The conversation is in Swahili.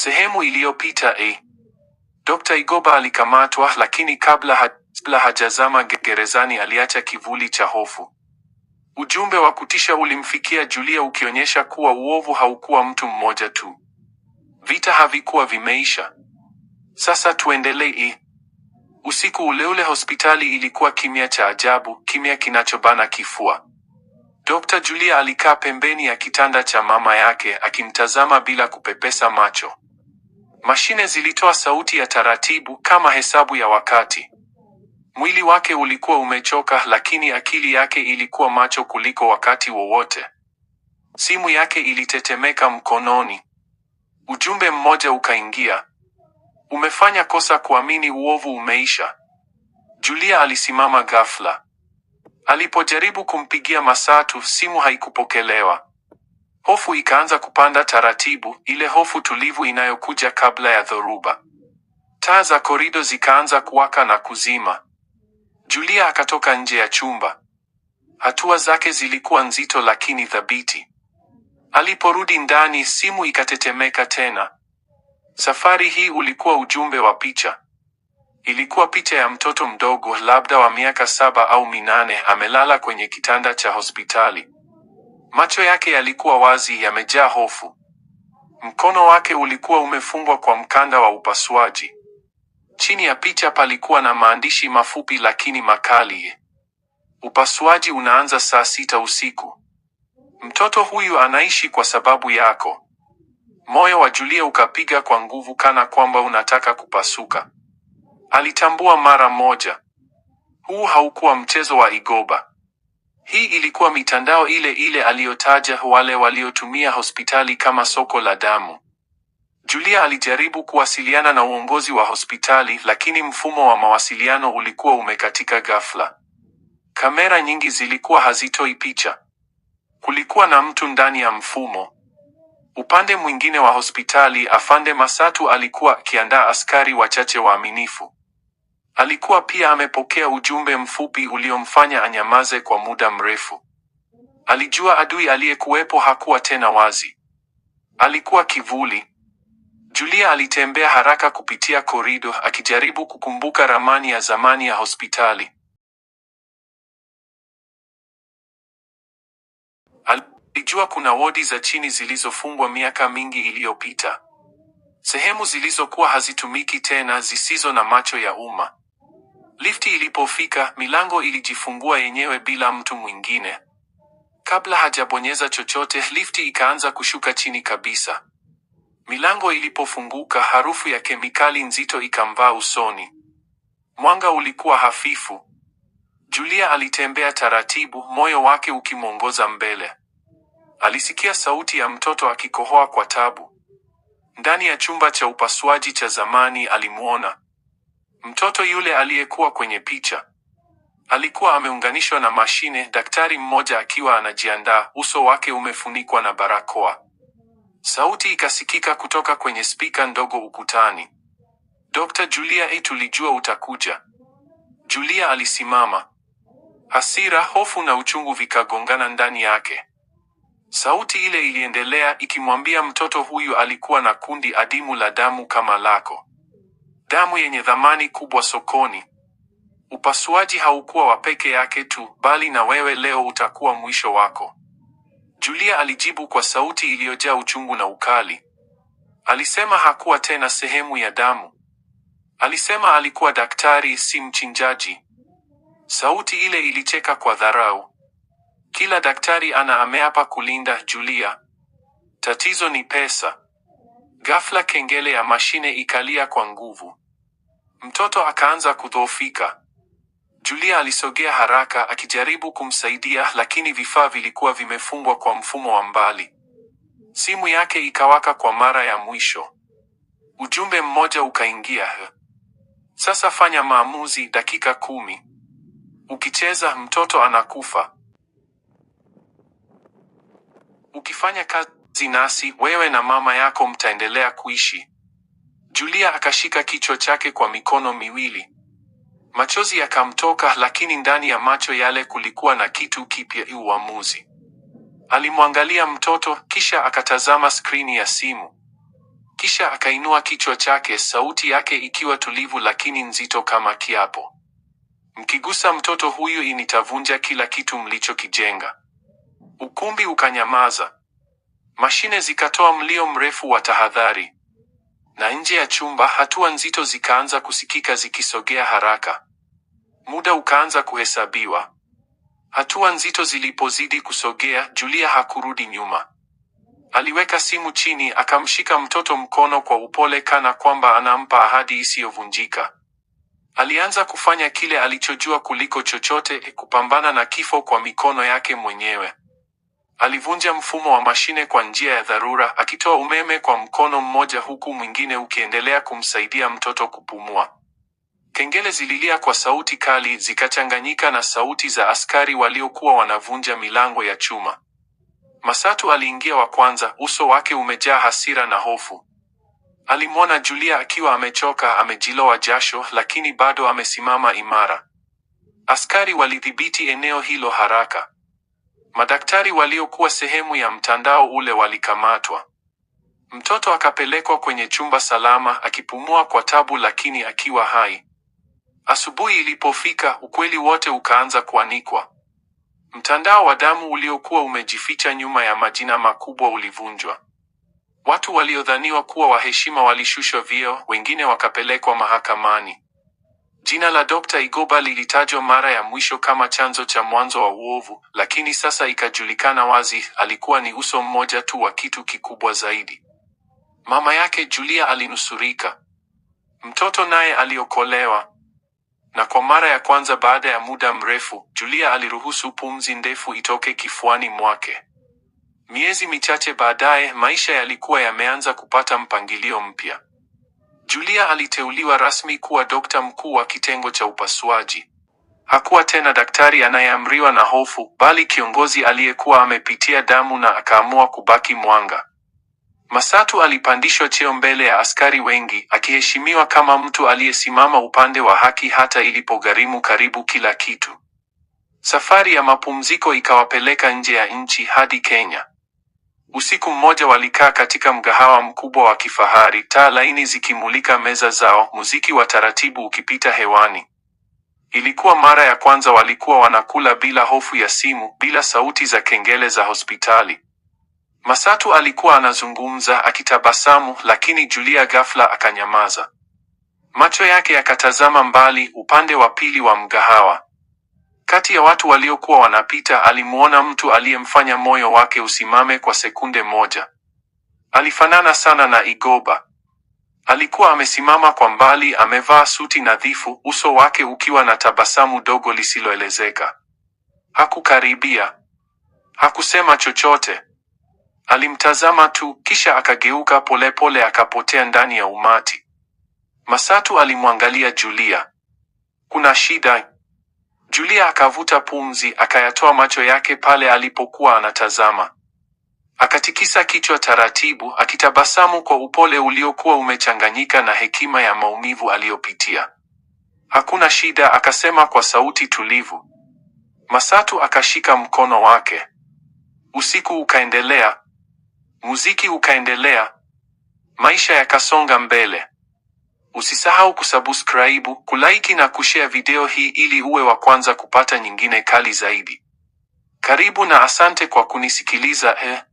Sehemu iliyopita e, eh, Dr. Igoba alikamatwa, lakini kabla ha hajazama gerezani aliacha kivuli cha hofu. Ujumbe wa kutisha ulimfikia Julia ukionyesha kuwa uovu haukuwa mtu mmoja tu. Vita havikuwa vimeisha. Sasa tuendelee. Eh. Usiku ule ule hospitali ilikuwa kimya cha ajabu, kimya kinachobana kifua. Dr. Julia alikaa pembeni ya kitanda cha mama yake akimtazama bila kupepesa macho. Mashine zilitoa sauti ya taratibu kama hesabu ya wakati. Mwili wake ulikuwa umechoka, lakini akili yake ilikuwa macho kuliko wakati wowote. Simu yake ilitetemeka mkononi. Ujumbe mmoja ukaingia: umefanya kosa kuamini uovu umeisha. Julia alisimama ghafla. Alipojaribu kumpigia Masatu, simu haikupokelewa. Hofu ikaanza kupanda taratibu, ile hofu tulivu inayokuja kabla ya dhoruba. Taa za korido zikaanza kuwaka na kuzima. Julia akatoka nje ya chumba. Hatua zake zilikuwa nzito lakini thabiti. Aliporudi ndani, simu ikatetemeka tena. Safari hii ulikuwa ujumbe wa picha. Ilikuwa picha ya mtoto mdogo, labda wa miaka saba au minane, amelala kwenye kitanda cha hospitali. Macho yake yalikuwa wazi, yamejaa hofu. Mkono wake ulikuwa umefungwa kwa mkanda wa upasuaji. Chini ya picha palikuwa na maandishi mafupi lakini makali: upasuaji unaanza saa sita usiku. Mtoto huyu anaishi kwa sababu yako. Moyo wa Julia ukapiga kwa nguvu, kana kwamba unataka kupasuka. Alitambua mara moja, huu haukuwa mchezo wa igoba. Hii ilikuwa mitandao ile ile aliyotaja wale waliotumia hospitali kama soko la damu. Julia alijaribu kuwasiliana na uongozi wa hospitali, lakini mfumo wa mawasiliano ulikuwa umekatika ghafla. Kamera nyingi zilikuwa hazitoi picha. Kulikuwa na mtu ndani ya mfumo. Upande mwingine wa hospitali, Afande Masatu alikuwa akiandaa askari wachache waaminifu. Alikuwa pia amepokea ujumbe mfupi uliomfanya anyamaze kwa muda mrefu. Alijua adui aliyekuwepo hakuwa tena wazi. Alikuwa kivuli. Julia alitembea haraka kupitia korido akijaribu kukumbuka ramani ya zamani ya hospitali. Alijua kuna wodi za chini zilizofungwa miaka mingi iliyopita. Sehemu zilizokuwa hazitumiki tena zisizo na macho ya umma. Lifti ilipofika, milango ilijifungua yenyewe bila mtu mwingine. Kabla hajabonyeza chochote, lifti ikaanza kushuka chini kabisa. Milango ilipofunguka, harufu ya kemikali nzito ikamvaa usoni. Mwanga ulikuwa hafifu. Julia alitembea taratibu, moyo wake ukimwongoza mbele. Alisikia sauti ya mtoto akikohoa kwa tabu. Ndani ya chumba cha upasuaji cha zamani alimwona Mtoto yule aliyekuwa kwenye picha alikuwa ameunganishwa na mashine, daktari mmoja akiwa anajiandaa, uso wake umefunikwa na barakoa. Sauti ikasikika kutoka kwenye spika ndogo ukutani. Dr. Julia A, tulijua utakuja. Julia alisimama. Hasira, hofu na uchungu vikagongana ndani yake. Sauti ile iliendelea ikimwambia mtoto huyu alikuwa na kundi adimu la damu kama lako damu yenye thamani kubwa sokoni. Upasuaji haukuwa wa peke yake tu, bali na wewe leo utakuwa mwisho wako. Julia alijibu kwa sauti iliyojaa uchungu na ukali. Alisema hakuwa tena sehemu ya damu. Alisema alikuwa daktari, si mchinjaji. Sauti ile ilicheka kwa dharau. Kila daktari ana ameapa kulinda Julia. Tatizo ni pesa. Ghafla kengele ya mashine ikalia kwa nguvu. Mtoto akaanza kudhoofika. Julia alisogea haraka akijaribu kumsaidia, lakini vifaa vilikuwa vimefungwa kwa mfumo wa mbali. Simu yake ikawaka kwa mara ya mwisho. Ujumbe mmoja ukaingia: sasa fanya maamuzi, dakika kumi. Ukicheza mtoto anakufa. Ukifanya kazi nasi, wewe na mama yako mtaendelea kuishi. Julia akashika kichwa chake kwa mikono miwili. Machozi yakamtoka, lakini ndani ya macho yale kulikuwa na kitu kipya, uamuzi. Alimwangalia mtoto kisha akatazama skrini ya simu. Kisha akainua kichwa chake, sauti yake ikiwa tulivu lakini nzito kama kiapo. Mkigusa mtoto huyu, initavunja kila kitu mlichokijenga. Ukumbi ukanyamaza. Mashine zikatoa mlio mrefu wa tahadhari na nje ya chumba hatua nzito zikaanza kusikika zikisogea haraka. Muda ukaanza kuhesabiwa. Hatua nzito zilipozidi kusogea, Julia hakurudi nyuma. Aliweka simu chini, akamshika mtoto mkono kwa upole, kana kwamba anampa ahadi isiyovunjika. Alianza kufanya kile alichojua kuliko chochote, kupambana na kifo kwa mikono yake mwenyewe. Alivunja mfumo wa mashine kwa njia ya dharura, akitoa umeme kwa mkono mmoja huku mwingine ukiendelea kumsaidia mtoto kupumua. Kengele zililia kwa sauti kali, zikachanganyika na sauti za askari waliokuwa wanavunja milango ya chuma. Masatu aliingia wa kwanza, uso wake umejaa hasira na hofu. Alimwona Julia akiwa amechoka, amejilowa jasho, lakini bado amesimama imara. Askari walidhibiti eneo hilo haraka. Madaktari waliokuwa sehemu ya mtandao ule walikamatwa. Mtoto akapelekwa kwenye chumba salama akipumua kwa tabu lakini akiwa hai. Asubuhi ilipofika, ukweli wote ukaanza kuanikwa. Mtandao wa damu uliokuwa umejificha nyuma ya majina makubwa ulivunjwa. Watu waliodhaniwa kuwa waheshima walishushwa vyeo, wengine wakapelekwa mahakamani. Jina la Dr. Igoba lilitajwa mara ya mwisho kama chanzo cha mwanzo wa uovu, lakini sasa ikajulikana wazi, alikuwa ni uso mmoja tu wa kitu kikubwa zaidi. Mama yake Julia alinusurika. Mtoto naye aliokolewa. Na kwa mara ya kwanza baada ya muda mrefu, Julia aliruhusu pumzi ndefu itoke kifuani mwake. Miezi michache baadaye, maisha yalikuwa yameanza kupata mpangilio mpya. Julia aliteuliwa rasmi kuwa dokta mkuu wa kitengo cha upasuaji. Hakuwa tena daktari anayeamriwa na hofu, bali kiongozi aliyekuwa amepitia damu na akaamua kubaki mwanga. Masatu alipandishwa cheo mbele ya askari wengi, akiheshimiwa kama mtu aliyesimama upande wa haki hata ilipogharimu karibu kila kitu. Safari ya mapumziko ikawapeleka nje ya nchi hadi Kenya. Usiku mmoja walikaa katika mgahawa mkubwa wa kifahari, taa laini zikimulika meza zao, muziki wa taratibu ukipita hewani. Ilikuwa mara ya kwanza walikuwa wanakula bila hofu ya simu, bila sauti za kengele za hospitali. Masatu alikuwa anazungumza akitabasamu, lakini Julia ghafla akanyamaza. Macho yake yakatazama mbali, upande wa pili wa mgahawa. Kati ya watu waliokuwa wanapita, alimwona mtu aliyemfanya moyo wake usimame kwa sekunde moja. Alifanana sana na Igoba. Alikuwa amesimama kwa mbali, amevaa suti nadhifu, uso wake ukiwa na tabasamu dogo lisiloelezeka. Hakukaribia, hakusema chochote. Alimtazama tu, kisha akageuka polepole pole, akapotea ndani ya umati. Masatu alimwangalia Julia. Kuna shida? Julia akavuta pumzi, akayatoa macho yake pale alipokuwa anatazama. Akatikisa kichwa taratibu, akitabasamu kwa upole uliokuwa umechanganyika na hekima ya maumivu aliyopitia. Hakuna shida, akasema kwa sauti tulivu. Masatu akashika mkono wake. Usiku ukaendelea, muziki ukaendelea, maisha yakasonga mbele. Usisahau kusubscribe, kulike na kushare video hii ili uwe wa kwanza kupata nyingine kali zaidi. Karibu na asante kwa kunisikiliza eh.